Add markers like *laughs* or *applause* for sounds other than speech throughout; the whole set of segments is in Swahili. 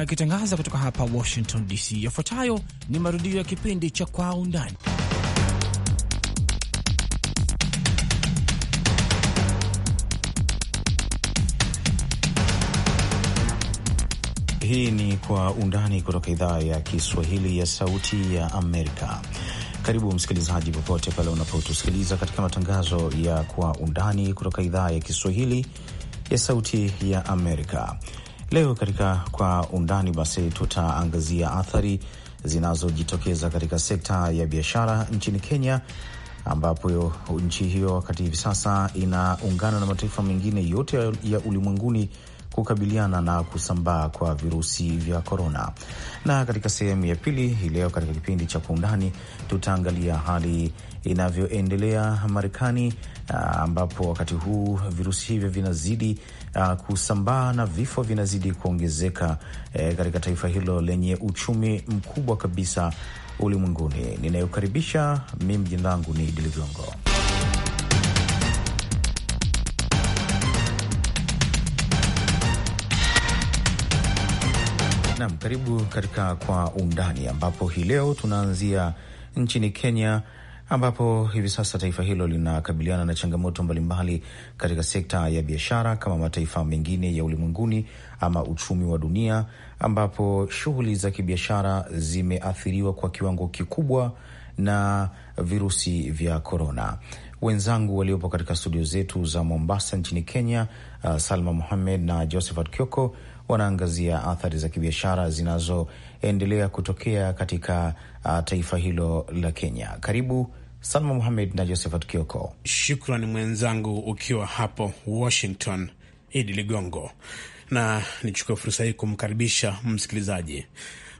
Akitangaza kutoka hapa Washington DC, yafuatayo ni marudio ya kipindi cha Kwa Undani. Hii ni Kwa Undani kutoka idhaa ya Kiswahili ya Sauti ya Amerika. Karibu msikilizaji, popote pale unapotusikiliza katika matangazo ya Kwa Undani kutoka idhaa ya Kiswahili ya Sauti ya Amerika. Leo katika Kwa Undani basi tutaangazia athari zinazojitokeza katika sekta ya biashara nchini Kenya, ambapo nchi hiyo wakati hivi sasa inaungana na mataifa mengine yote ya ulimwenguni kukabiliana na kusambaa kwa virusi vya korona. Na katika sehemu ya pili hii leo katika kipindi cha Kwa Undani tutaangalia hali inavyoendelea Marekani Ah, ambapo wakati huu virusi hivyo vinazidi uh, kusambaa na vifo vinazidi kuongezeka uh, katika taifa hilo lenye uchumi mkubwa kabisa ulimwenguni. Ninayokaribisha mimi, jina langu ni Idi Ligongo. nam karibu katika Kwa Undani, ambapo hii leo tunaanzia nchini Kenya ambapo hivi sasa taifa hilo linakabiliana na changamoto mbalimbali katika sekta ya biashara kama mataifa mengine ya ulimwenguni ama uchumi wa dunia, ambapo shughuli za kibiashara zimeathiriwa kwa kiwango kikubwa na virusi vya korona. Wenzangu waliopo katika studio zetu za Mombasa nchini Kenya, uh, Salma muhamed na Josephat Kioko wanaangazia athari za kibiashara zinazoendelea kutokea katika uh, taifa hilo la Kenya. Karibu Salma Muhamed na Josephat Kioko. Shukran mwenzangu, ukiwa hapo Washington, Idi Ligongo, na nichukue fursa hii kumkaribisha msikilizaji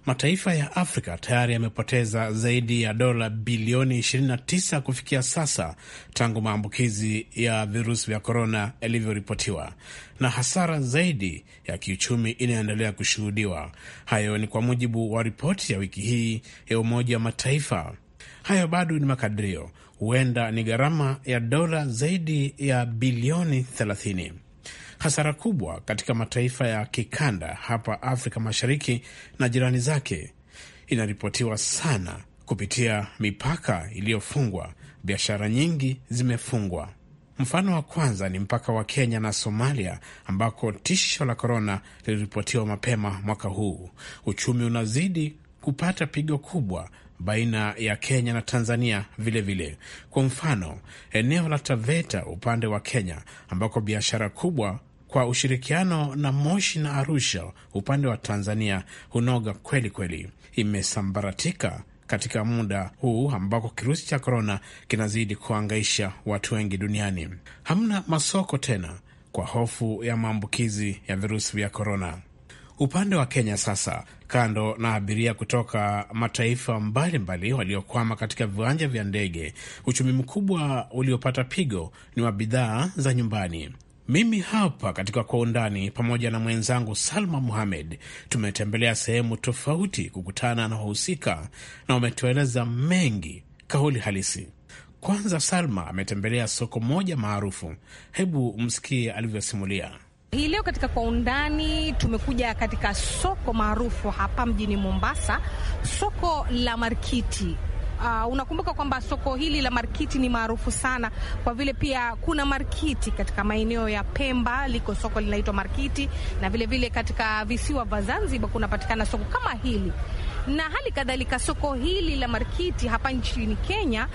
Mataifa ya Afrika tayari yamepoteza zaidi ya dola bilioni 29 kufikia sasa tangu maambukizi ya virusi vya korona yalivyoripotiwa, na hasara zaidi ya kiuchumi inayoendelea kushuhudiwa. Hayo ni kwa mujibu wa ripoti ya wiki hii ya Umoja wa Mataifa. Hayo bado ni makadirio, huenda ni gharama ya dola zaidi ya bilioni hasara kubwa katika mataifa ya kikanda hapa Afrika Mashariki na jirani zake. Inaripotiwa sana kupitia mipaka iliyofungwa, biashara nyingi zimefungwa. Mfano wa kwanza ni mpaka wa Kenya na Somalia ambako tisho la korona liliripotiwa mapema mwaka huu. Uchumi unazidi kupata pigo kubwa baina ya Kenya na Tanzania vilevile vile. Kwa mfano eneo la Taveta upande wa Kenya ambako biashara kubwa kwa ushirikiano na Moshi na Arusha upande wa Tanzania hunoga kweli kweli, imesambaratika katika muda huu ambako kirusi cha korona kinazidi kuangaisha watu wengi duniani. Hamna masoko tena kwa hofu ya maambukizi ya virusi vya korona. Upande wa Kenya sasa, kando na abiria kutoka mataifa mbalimbali waliokwama katika viwanja vya ndege, uchumi mkubwa uliopata pigo ni wa bidhaa za nyumbani. Mimi hapa katika Kwa Undani, pamoja na mwenzangu Salma Muhamed, tumetembelea sehemu tofauti kukutana na wahusika na wametueleza mengi kauli halisi. Kwanza Salma ametembelea soko moja maarufu. Hebu msikie alivyosimulia. Hii leo katika kwa undani tumekuja katika soko maarufu hapa mjini Mombasa, soko la Markiti Uh, unakumbuka kwamba soko hili la Markiti ni maarufu sana kwa vile pia kuna markiti katika maeneo ya Pemba, liko soko linaitwa Markiti, na vilevile vile katika visiwa vya Zanzibar kunapatikana soko kama hili, na hali kadhalika soko hili la Markiti hapa nchini Kenya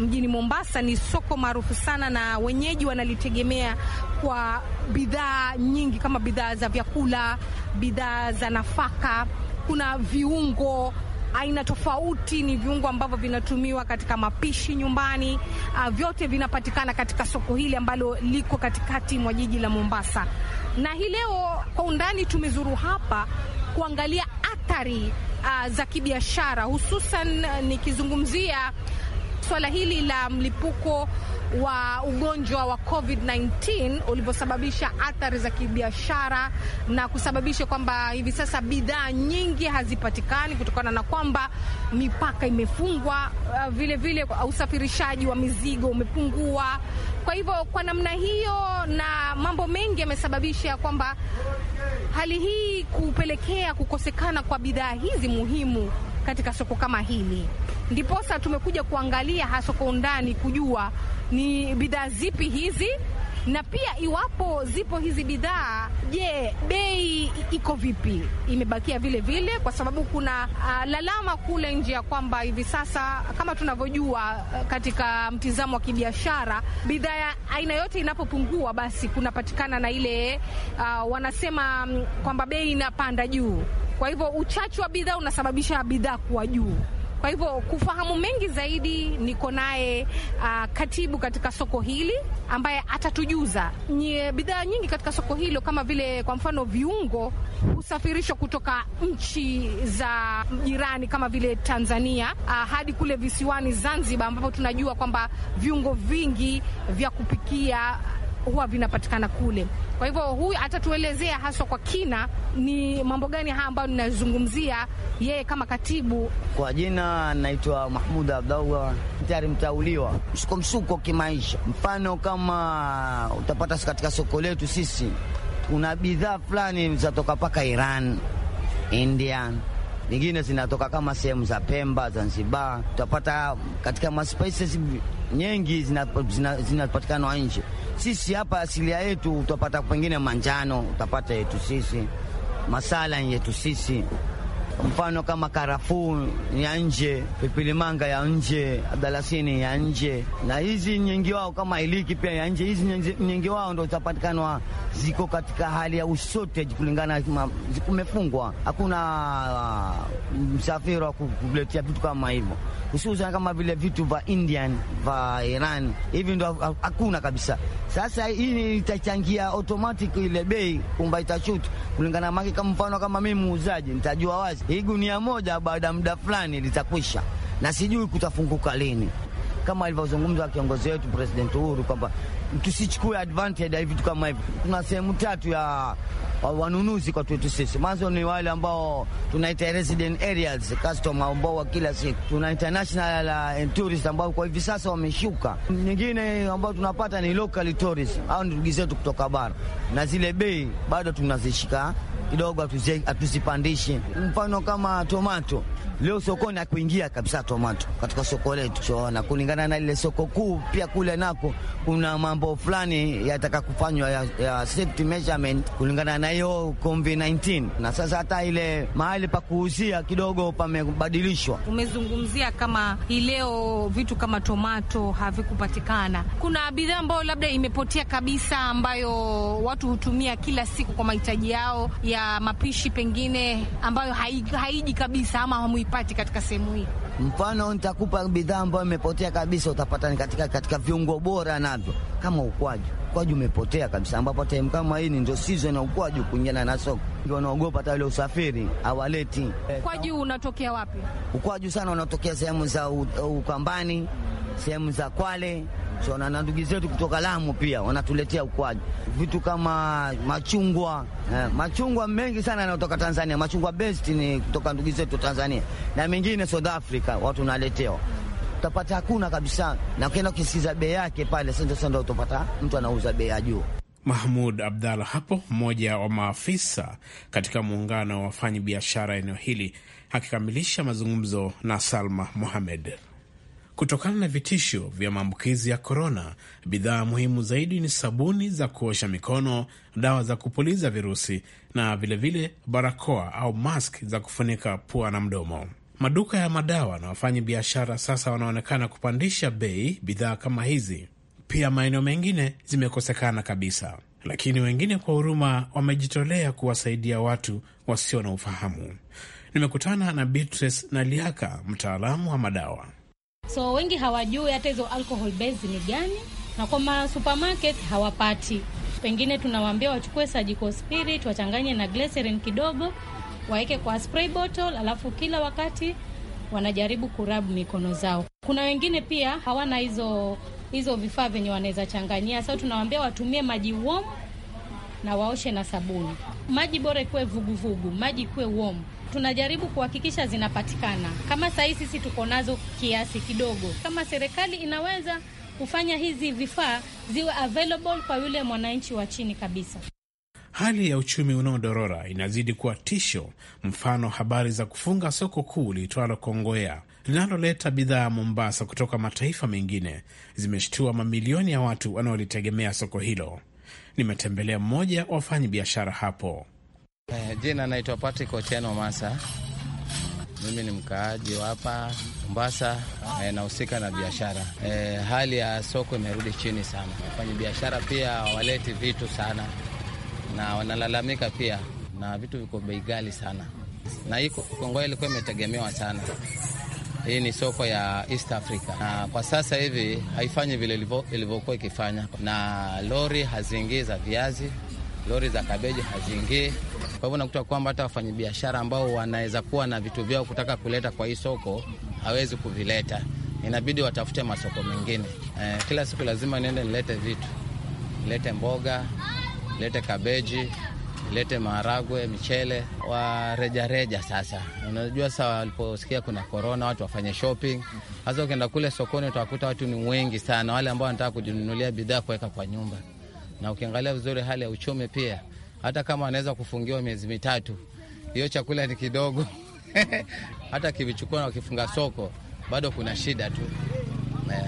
mjini Mombasa ni soko maarufu sana na wenyeji wanalitegemea kwa bidhaa nyingi kama bidhaa za vyakula, bidhaa za nafaka, kuna viungo aina tofauti, ni viungo ambavyo vinatumiwa katika mapishi nyumbani. Uh, vyote vinapatikana katika soko hili ambalo liko katikati mwa jiji la Mombasa. Na hii leo kwa undani tumezuru hapa kuangalia athari uh, za kibiashara hususan uh, nikizungumzia swala hili la mlipuko wa ugonjwa wa COVID-19 ulivyosababisha athari za kibiashara na kusababisha kwamba hivi sasa bidhaa nyingi hazipatikani kutokana na kwamba mipaka imefungwa, vilevile uh, vile usafirishaji wa mizigo umepungua. Kwa hivyo kwa namna hiyo na mambo mengi yamesababisha kwamba hali hii kupelekea kukosekana kwa bidhaa hizi muhimu katika soko kama hili. Ndiposa tumekuja kuangalia hasa kwa undani kujua ni bidhaa zipi hizi na pia iwapo zipo hizi bidhaa, je, bei iko vipi? Imebakia vile vile, kwa sababu kuna uh, lalama kule nje ya kwamba hivi sasa kama tunavyojua, uh, katika mtizamo wa kibiashara, bidhaa aina yote inapopungua, basi kunapatikana na ile uh, wanasema mm, kwamba bei inapanda juu. Kwa hivyo uchache wa bidhaa unasababisha bidhaa kuwa juu. Kwa hivyo kufahamu mengi zaidi, niko naye uh, katibu katika soko hili ambaye atatujuza bidhaa nyingi katika soko hilo, kama vile kwa mfano viungo husafirishwa kutoka nchi za jirani kama vile Tanzania uh, hadi kule visiwani Zanzibar, ambapo tunajua kwamba viungo vingi vya kupikia huwa vinapatikana kule. Kwa hivyo huyu atatuelezea haswa kwa kina ni mambo gani haya ambayo ninazungumzia yeye kama katibu. Kwa jina naitwa Mahmud Abdallah, tayari mtauliwa msuko msuko kimaisha. Mfano kama utapata katika soko letu sisi kuna bidhaa fulani zinatoka mpaka Iran, India, nyingine zinatoka kama sehemu za Pemba, Zanzibar. Utapata katika maspices nyingi zinapatikana zina, zina nje. Sisi hapa asilia yetu utapata pengine manjano, utapata yetu sisi masala yetu sisi mfano kama karafuu ya nje, pipilimanga ya nje, dalasini ya nje, na hizi nyingi wao kama iliki pia ya nje. Hizi nyingi wao ndo zitapatikanwa ziko katika hali ya ushotage, kulingana kumefungwa, hakuna uh, msafiri wa kuletea vitu kama hivyo, hususan kama vile vitu vya Indian vya Iran hivi ndo hakuna kabisa. Sasa hii itachangia automatic ile bei kumba itashutu kulingana make, kama mfano kama mimi muuzaji nitajua wazi hii gunia moja baada ya muda fulani litakwisha, na sijui kutafunguka lini, kama alivyozungumza kiongozi wetu President Uhuru kwamba tusichukue advantage ya vitu kama hivyo. Tuna sehemu tatu ya wanunuzi kwa tuetu sisi. Mwanzo ni wale ambao tunaita resident areas customer ambao wa kila siku, tuna international la tourist ambao kwa hivi sasa wameshuka. Nyingine ambao tunapata ni local tourist, au ndugu zetu kutoka bara, na zile bei bado tunazishika kidogo, hatuzipandishi. Mfano kama tomato leo sokoni akuingia kabisa tomato katika soko letu, so, na kulingana na ile soko kuu pia kule nako kuna mambo fulani yataka kufanywa ya, ya safety measurement kulingana na hiyo COVID-19, na sasa hata ile mahali pa kuuzia kidogo pamebadilishwa. Umezungumzia kama hii leo vitu kama tomato havikupatikana, kuna bidhaa ambayo labda imepotea kabisa, ambayo watu hutumia kila siku kwa mahitaji yao ya mapishi, pengine ambayo haiji kabisa ama hamuipati katika sehemu hii. Mfano, nitakupa bidhaa ambayo imepotea kabisa, utapata ni katika, katika viungo bora navyo kama ukwaju. Ukwaju umepotea kabisa, ambapo time kama hii ndio season na ukwaju kuingiana na soko, ndio wanaogopa hata ile usafiri hawaleti. Ukwaju unatokea wapi? Ukwaju sana unatokea sehemu za Ukambani sehemu za Kwale na so, ndugu zetu kutoka Lamu pia wanatuletea ukwaju, vitu kama machungwa eh, machungwa mengi sana yanayotoka Tanzania. Machungwa best ni kutoka ndugu zetu Tanzania na mengine South Africa, watu naletewa utapata hakuna kabisa, na ukienda ukisikiza bei yake pale sendo sendo, utapata mtu anauza bei ya juu. Mahmud Abdalla hapo, mmoja wa maafisa katika muungano wa wafanyi biashara eneo hili, akikamilisha mazungumzo na Salma Mohamed. Kutokana na vitisho vya maambukizi ya korona, bidhaa muhimu zaidi ni sabuni za kuosha mikono, dawa za kupuliza virusi na vilevile vile barakoa au mask za kufunika pua na mdomo. Maduka ya madawa na wafanyi biashara sasa wanaonekana kupandisha bei bidhaa kama hizi. Pia maeneo mengine zimekosekana kabisa, lakini wengine kwa huruma wamejitolea kuwasaidia watu wasio na ufahamu. Nimekutana na Beatrice Naliaka, mtaalamu wa madawa so wengi hawajui hata hizo alcohol base ni gani, na kwa ma supermarket hawapati. Pengine tunawaambia wachukue surgical spirit wachanganye na glycerin kidogo, waeke kwa spray bottle, alafu kila wakati wanajaribu kurabu mikono zao. Kuna wengine pia hawana hizo hizo vifaa vyenye wanaweza changanyia, sasa tunawaambia watumie maji warm na waoshe na sabuni. Maji bora ikuwe vuguvugu, maji ikuwe warm tunajaribu kuhakikisha zinapatikana. Kama sahii sisi tuko nazo kiasi kidogo, kama serikali inaweza kufanya hizi vifaa ziwe available kwa yule mwananchi wa chini kabisa. Hali ya uchumi unaodorora inazidi kuwa tisho, mfano habari za kufunga soko kuu liitwalo Kongowea linaloleta bidhaa ya Mombasa kutoka mataifa mengine zimeshtua mamilioni ya watu wanaolitegemea soko hilo. Nimetembelea mmoja wa wafanyi biashara hapo. Eh, jina naitwa Patrick Otieno Masa. Mimi ni mkaaji wa hapa Mombasa eh, nahusika na biashara eh, hali ya soko imerudi chini sana. Wafanya biashara pia hawaleti vitu sana na wanalalamika pia, na vitu viko bei ghali sana, na hii Kongoa ilikuwa imetegemewa sana. Hii ni soko ya East Africa na kwa sasa hivi haifanyi vile ilivyokuwa ikifanya, na lori haziingiza viazi lori za kabeji haziingii. Kwa hivyo nakuta kwamba hata wafanyabiashara ambao wanaweza kuwa na vitu vyao kutaka kuleta kwa hii soko hawezi kuvileta, inabidi watafute masoko mengine. Eh, kila siku lazima niende nilete vitu, nilete mboga, nilete kabeji lete maharagwe, michele wa Sasa unajua, sa waliposikia kuna korona, watu wafanye shopping. Sasa ukienda kule sokoni utawakuta watu ni wengi sana, wale ambao wanataka kujinunulia bidhaa kuweka kwa nyumba na ukiangalia vizuri hali ya uchumi pia, hata kama anaweza kufungiwa miezi mitatu, hiyo chakula ni kidogo *laughs* hata kivichukua na wakifunga soko bado kuna shida tu eh.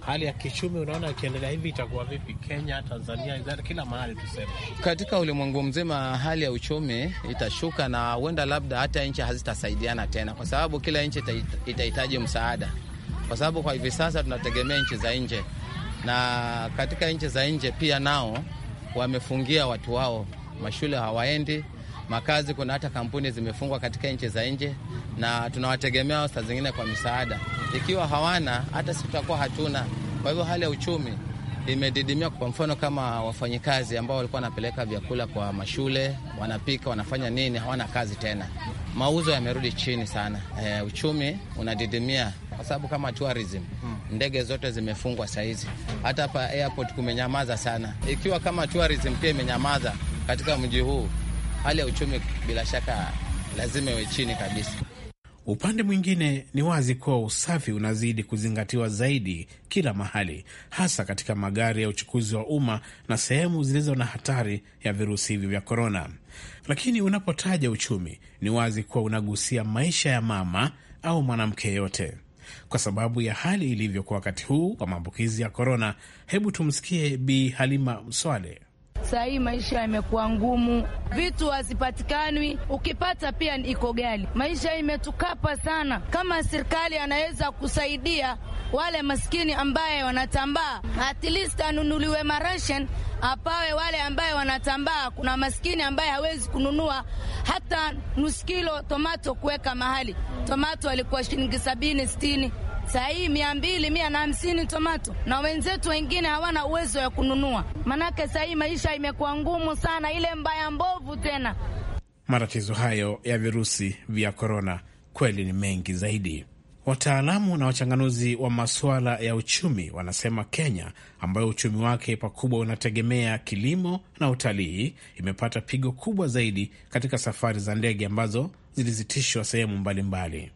Hali ya kichumi unaona ikiendelea hivi itakuwa vipi? Kenya, Tanzania, kila mahali tuseme, katika ulimwengu mzima hali ya uchumi itashuka, na huenda labda hata nchi hazitasaidiana tena, kwa sababu kila nchi itahitaji msaada, kwa sababu kwa hivi sasa tunategemea nchi za nje na katika nchi za nje pia nao wamefungia watu wao, mashule hawaendi, makazi. Kuna hata kampuni zimefungwa katika nchi za nje, na tunawategemea saa zingine kwa misaada. Ikiwa hawana, hata sisi tutakuwa hatuna. Kwa hivyo hali ya uchumi imedidimia. Kwa mfano kama wafanyikazi ambao walikuwa wanapeleka vyakula kwa mashule, wanapika, wanafanya nini, hawana kazi tena, mauzo yamerudi chini sana. E, uchumi unadidimia kwa sababu kama tourism hmm. ndege zote zimefungwa sahizi, hata hapa airport kumenyamaza sana. Ikiwa kama tourism pia imenyamaza katika mji huu, hali ya uchumi bila shaka lazima iwe chini kabisa. Upande mwingine ni wazi kuwa usafi unazidi kuzingatiwa zaidi kila mahali, hasa katika magari ya uchukuzi wa umma na sehemu zilizo na hatari ya virusi hivi vya korona. Lakini unapotaja uchumi, ni wazi kuwa unagusia maisha ya mama au mwanamke yeyote kwa sababu ya hali ilivyokuwa wakati huu wa maambukizi ya korona. Hebu tumsikie Bi Halima Mswale. Saa hii maisha yamekuwa ngumu, vitu hazipatikanwi ukipata pia iko gali. Maisha imetukapa sana. Kama serikali anaweza kusaidia wale maskini ambaye wanatambaa, at least anunuliwe marashen apawe wale ambaye wanatambaa. Kuna maskini ambaye hawezi kununua hata nusu kilo tomato kuweka mahali. Tomato alikuwa shilingi sabini sitini sahii mia mbili mia na hamsini tomato, na wenzetu wengine hawana uwezo ya kununua, manake sahii maisha imekuwa ngumu sana, ile mbaya mbovu tena. Matatizo hayo ya virusi vya korona kweli ni mengi zaidi. Wataalamu na wachanganuzi wa masuala ya uchumi wanasema Kenya, ambayo uchumi wake pakubwa unategemea kilimo na utalii, imepata pigo kubwa zaidi katika safari za ndege ambazo zilizitishwa sehemu mbalimbali.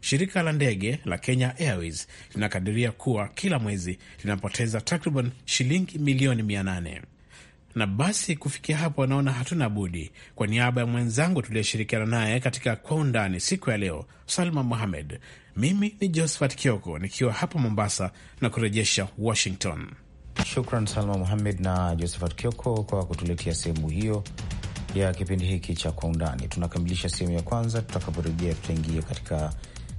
Shirika la ndege la Kenya Airways linakadiria kuwa kila mwezi linapoteza takriban shilingi milioni 800. Na basi kufikia hapo, naona hatuna budi. Kwa niaba ya mwenzangu tuliyeshirikiana naye katika Kwa Undani siku ya leo, Salma Mohamed, mimi ni Josephat Kioko nikiwa hapa Mombasa na kurejesha Washington. Shukran Salma Mohamed na Josephat Kioko kwa kutuletea sehemu hiyo ya kipindi hiki cha Kwa Undani. Tunakamilisha sehemu ya kwanza. Tutakaporejea tutaingia katika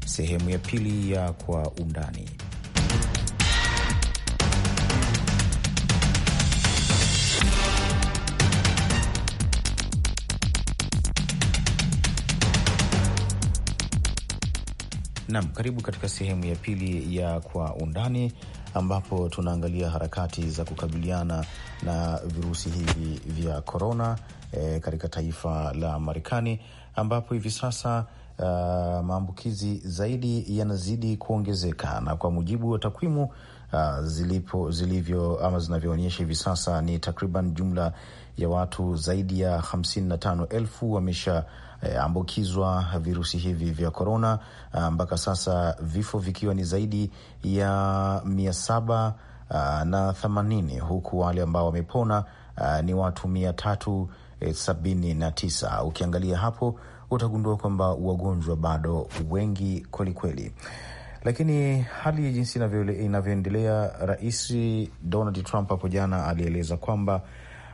sehemu ya pili ya Kwa Undani. Nam, karibu katika sehemu ya pili ya Kwa Undani, ambapo tunaangalia harakati za kukabiliana na virusi hivi vya korona e, eh, katika taifa la Marekani ambapo hivi sasa uh, maambukizi zaidi yanazidi kuongezeka, na kwa mujibu wa takwimu Uh, zilipo zilivyo ama zinavyoonyesha hivi sasa ni takriban jumla ya watu zaidi ya hamsini na tano elfu wameshaambukizwa eh, ambukizwa virusi hivi vya korona ah, mpaka sasa vifo vikiwa ni zaidi ya mia saba a, na themanini huku wale ambao wamepona ni watu mia tatu e, sabini na tisa ukiangalia hapo utagundua kwamba wagonjwa bado wengi kwelikweli. Lakini hali ya jinsi inavyoendelea, Rais Donald Trump hapo jana alieleza kwamba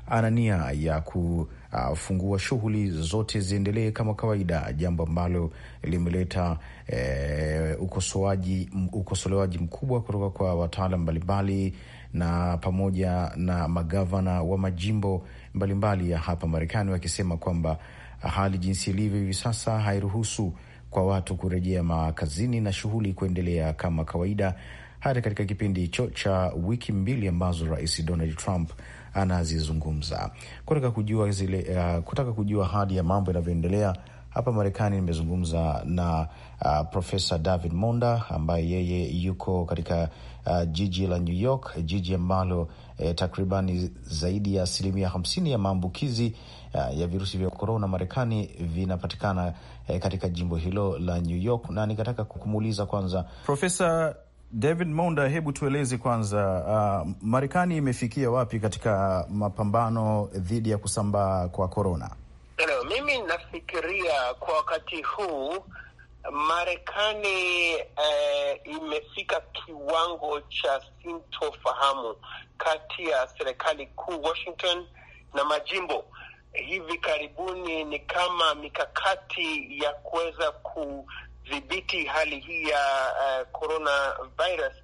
ana nia ya kufungua shughuli zote ziendelee kama kawaida, jambo ambalo limeleta e, ukosoaji ukosolewaji mkubwa kutoka kwa wataalam mbalimbali na pamoja na magavana wa majimbo mbalimbali mbali ya hapa Marekani wakisema kwamba hali jinsi ilivyo hivi sasa hairuhusu kwa watu kurejea makazini na shughuli kuendelea kama kawaida, hata katika kipindi hicho cha wiki mbili ambazo Rais Donald Trump anazizungumza kutaka kujua zile, uh, kutaka kujua hali ya mambo yanavyoendelea hapa Marekani. Nimezungumza na uh, Profesa David Monda ambaye yeye yuko katika uh, jiji la New York, jiji ambalo eh, takriban zaidi ya asilimia hamsini ya maambukizi uh, ya virusi vya korona Marekani vinapatikana eh, katika jimbo hilo la New York, na nikataka kumuuliza kwanza Profesa David Monda, hebu tueleze kwanza, uh, Marekani imefikia wapi katika mapambano dhidi ya kusambaa kwa korona? Mimi nafikiria kwa wakati huu Marekani eh, imefika kiwango cha sintofahamu kati ya serikali kuu Washington na majimbo. Hivi karibuni ni kama mikakati ya kuweza kudhibiti hali hii ya uh, coronavirus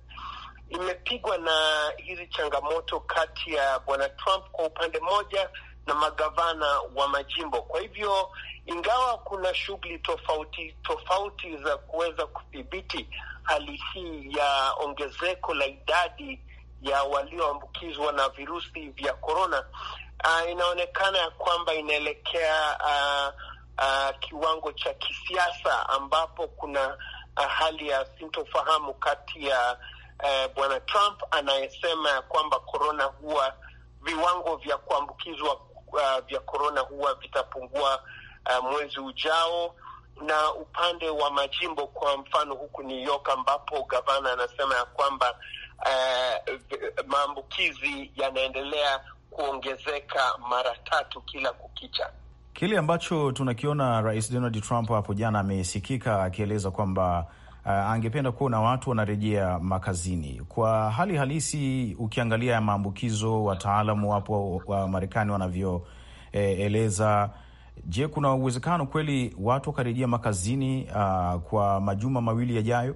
imepigwa na hizi changamoto kati ya bwana Trump kwa upande mmoja na magavana wa majimbo. Kwa hivyo, ingawa kuna shughuli tofauti tofauti za kuweza kudhibiti hali hii ya ongezeko la idadi ya walioambukizwa na virusi vya korona, uh, ah, inaonekana ya kwamba inaelekea uh, uh, kiwango cha kisiasa ambapo kuna uh, hali ya sintofahamu kati ya uh, bwana Trump anayesema ya kwamba korona huwa viwango vya kuambukizwa uh, vya korona huwa vitapungua uh, mwezi ujao na upande wa majimbo, kwa mfano huku New York ambapo gavana anasema ya kwamba uh, maambukizi yanaendelea kuongezeka mara tatu kila kukicha. Kile ambacho tunakiona Rais Donald Trump hapo jana amesikika akieleza kwamba uh, angependa kuona watu wanarejea makazini. Kwa hali halisi, ukiangalia maambukizo, wataalamu wapo wa Marekani wanavyoeleza eh, Je, kuna uwezekano kweli watu wakarejea makazini uh, kwa majuma mawili yajayo?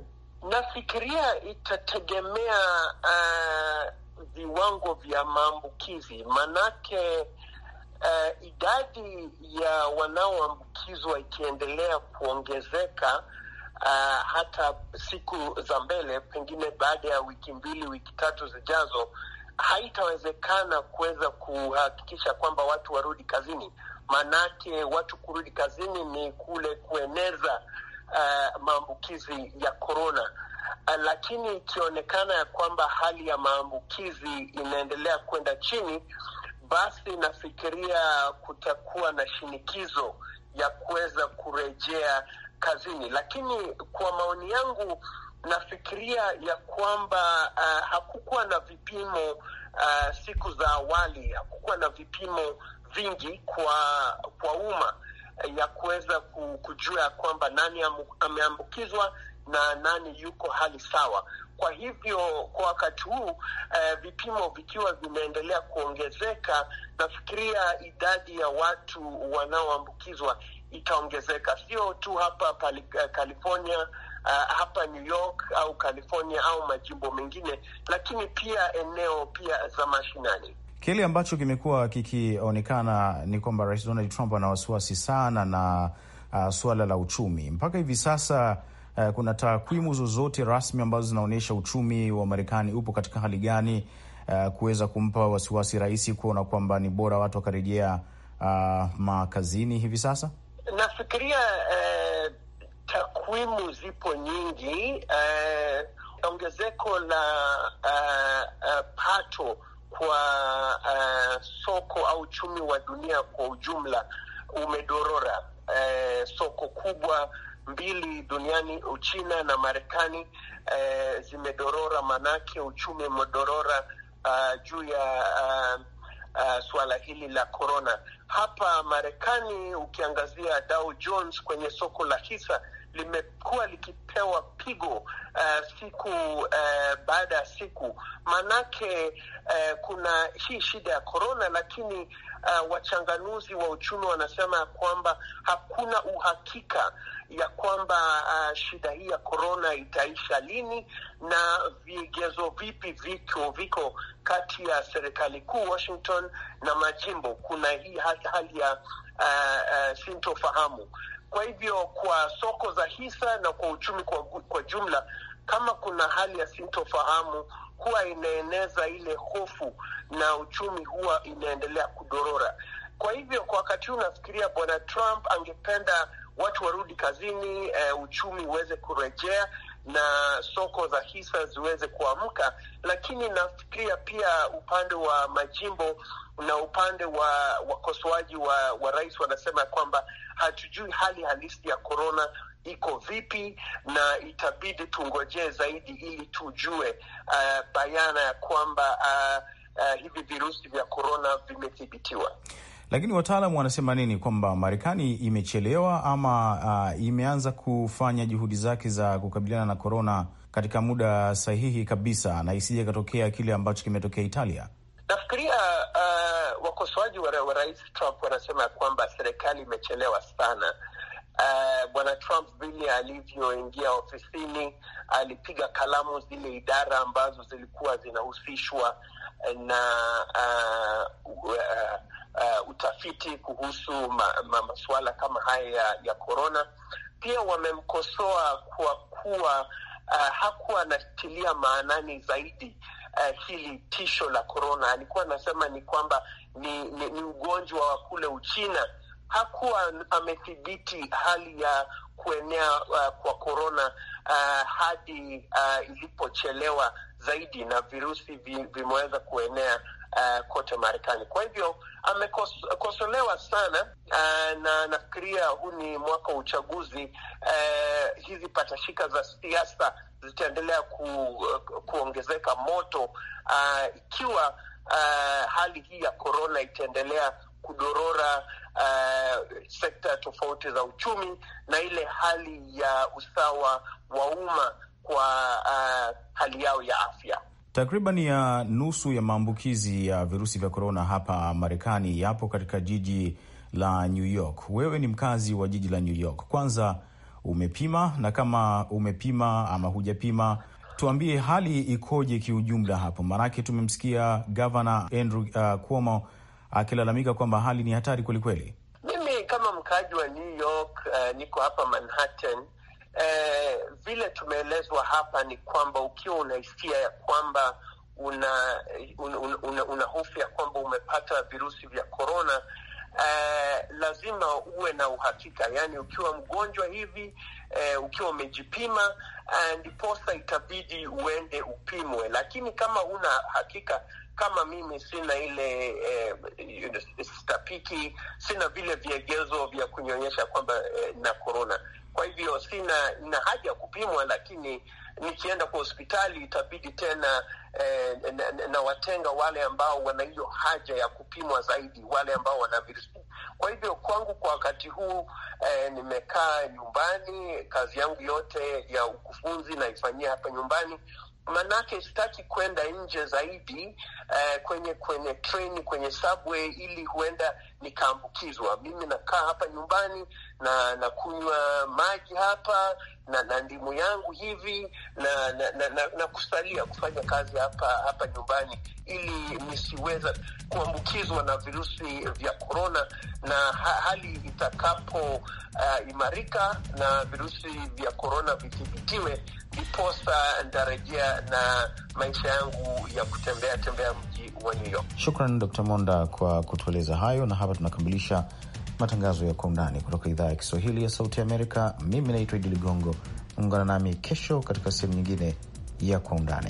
Nafikiria itategemea uh, viwango vya maambukizi manake, uh, idadi ya wanaoambukizwa ikiendelea kuongezeka uh, hata siku za mbele, pengine baada ya wiki mbili, wiki tatu zijazo, haitawezekana kuweza kuhakikisha kwamba watu warudi kazini. Maanake watu kurudi kazini ni kule kueneza uh, maambukizi ya korona. Uh, ah, lakini ikionekana ya kwamba hali ya maambukizi inaendelea kwenda chini, basi nafikiria kutakuwa na shinikizo ya kuweza kurejea kazini, lakini kwa maoni yangu nafikiria ya kwamba uh, hakukuwa na vipimo uh, siku za awali hakukuwa na vipimo vingi kwa kwa umma uh, ya kuweza kujua ya kwamba nani ameambukizwa na nani yuko hali sawa. Kwa hivyo kwa wakati huu uh, vipimo vikiwa vinaendelea kuongezeka, nafikiria idadi ya watu wanaoambukizwa ikaongezeka, sio tu hapa pali, eh, California Uh, hapa New York au California au majimbo mengine, lakini pia eneo pia za mashinani. Kile ambacho kimekuwa kikionekana ni kwamba Rais Donald Trump ana wasiwasi sana na uh, suala la uchumi mpaka hivi sasa. Uh, kuna takwimu zozote rasmi ambazo zinaonyesha uchumi wa Marekani upo katika hali gani, uh, kuweza kumpa wasiwasi rahisi kuona kwamba ni bora watu wakarejea uh, makazini hivi sasa? nafikiria eh, takwimu zipo nyingi eh, ongezeko la uh, uh, pato kwa uh, soko au uchumi wa dunia kwa ujumla umedorora. Uh, soko kubwa mbili duniani Uchina na Marekani uh, zimedorora, manake uchumi umedorora uh, juu ya uh, uh, suala hili la korona. Hapa Marekani, ukiangazia Dow Jones kwenye soko la hisa limekuwa likipewa pigo uh, siku uh, baada ya siku, maanake uh, kuna hii shida ya korona, lakini uh, wachanganuzi wa uchumi wanasema ya kwamba hakuna uhakika ya kwamba uh, shida hii ya korona itaisha lini na vigezo vipi viko viko kati ya serikali kuu Washington na majimbo. Kuna hii hali ya uh, uh, sintofahamu. Kwa hivyo kwa soko za hisa na kwa uchumi kwa, kwa jumla, kama kuna hali ya sintofahamu huwa inaeneza ile hofu na uchumi huwa inaendelea kudorora. Kwa hivyo kwa wakati huu nafikiria bwana Trump angependa watu warudi kazini, e, uchumi uweze kurejea na soko za hisa ziweze kuamka, lakini nafikiria pia upande wa majimbo na upande wa wakosoaji wa, wa rais wanasema kwamba hatujui hali halisi ya korona iko vipi, na itabidi tungojee zaidi ili tujue uh, bayana ya kwamba uh, uh, hivi virusi vya korona vimethibitiwa. Lakini wataalamu wanasema nini? Kwamba Marekani imechelewa ama uh, imeanza kufanya juhudi zake za kukabiliana na korona katika muda sahihi kabisa, na isija ikatokea kile ambacho kimetokea Italia. Nafikiria uh, wakosoaji wa rais Trump wanasema kwamba serikali imechelewa sana uh, bwana Trump vile alivyoingia ofisini alipiga kalamu zile idara ambazo zilikuwa zinahusishwa na uh, uh, uh, utafiti kuhusu ma, ma, masuala kama haya ya korona. Pia wamemkosoa kwa kuwa uh, hakuwa anatilia maanani zaidi uh, hili tisho la korona. Alikuwa anasema ni kwamba ni, ni, ni ugonjwa wa kule Uchina hakuwa amethibiti hali ya kuenea uh, kwa korona uh, hadi uh, ilipochelewa zaidi na virusi vimeweza kuenea uh, kote Marekani. Kwa hivyo amekosolewa sana uh, na nafikiria huu ni mwaka wa uchaguzi uh, hizi patashika za siasa zitaendelea ku, uh, kuongezeka moto uh, ikiwa uh, hali hii ya korona itaendelea kudorora uh, sekta tofauti za uchumi na ile hali ya usawa wa umma kwa uh, hali yao ya afya. Takriban ya nusu ya maambukizi ya virusi vya korona hapa Marekani yapo katika jiji la New York. Wewe ni mkazi wa jiji la New York, kwanza umepima, na kama umepima ama hujapima tuambie hali ikoje kiujumla hapo, maanake tumemsikia gavana Andrew uh, Cuomo akilalamika kwamba hali ni hatari kwelikweli. Mimi kama mkaaji wa New York, uh, niko hapa Manhattan. Uh, vile tumeelezwa hapa ni kwamba ukiwa una hisia ya kwamba una una, una, una hofu ya kwamba umepata virusi vya korona uh, eh, lazima uwe na uhakika, yaani ukiwa mgonjwa hivi uh, ukiwa umejipima ndiposa itabidi uende upimwe, lakini kama una hakika kama mimi sina ile eh, stapiki, sina vile viegezo vya kunyonyesha kwamba eh, na korona. Kwa hivyo sina na haja ya kupimwa, lakini nikienda kwa hospitali itabidi tena eh, na, na, na watenga wale ambao wana hiyo haja ya kupimwa zaidi, wale ambao wana virusi. Kwa hivyo kwangu kwa wakati huu eh, nimekaa nyumbani, kazi yangu yote ya ukufunzi naifanyia hapa nyumbani manake sitaki kwenda nje zaidi eh, kwenye kwenye treni, kwenye subway, ili huenda nikaambukizwa. Mimi nakaa hapa nyumbani na nakunywa maji hapa na, na ndimu yangu hivi na na, na, na na kusalia kufanya kazi hapa hapa nyumbani ili nisiweza kuambukizwa na virusi vya korona, na hali itakapoimarika uh, na virusi vya korona vidhibitiwe, ndiposa nitarejea na maisha yangu ya kutembea tembea mji wa New York. Shukran Dr. Monda kwa kutueleza hayo, na hapa tunakamilisha matangazo ya kwa undani kutoka idhaa ya Kiswahili ya Sauti Amerika. Mimi naitwa Idi Ligongo, ungana nami kesho katika sehemu nyingine ya kwa undani.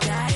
die.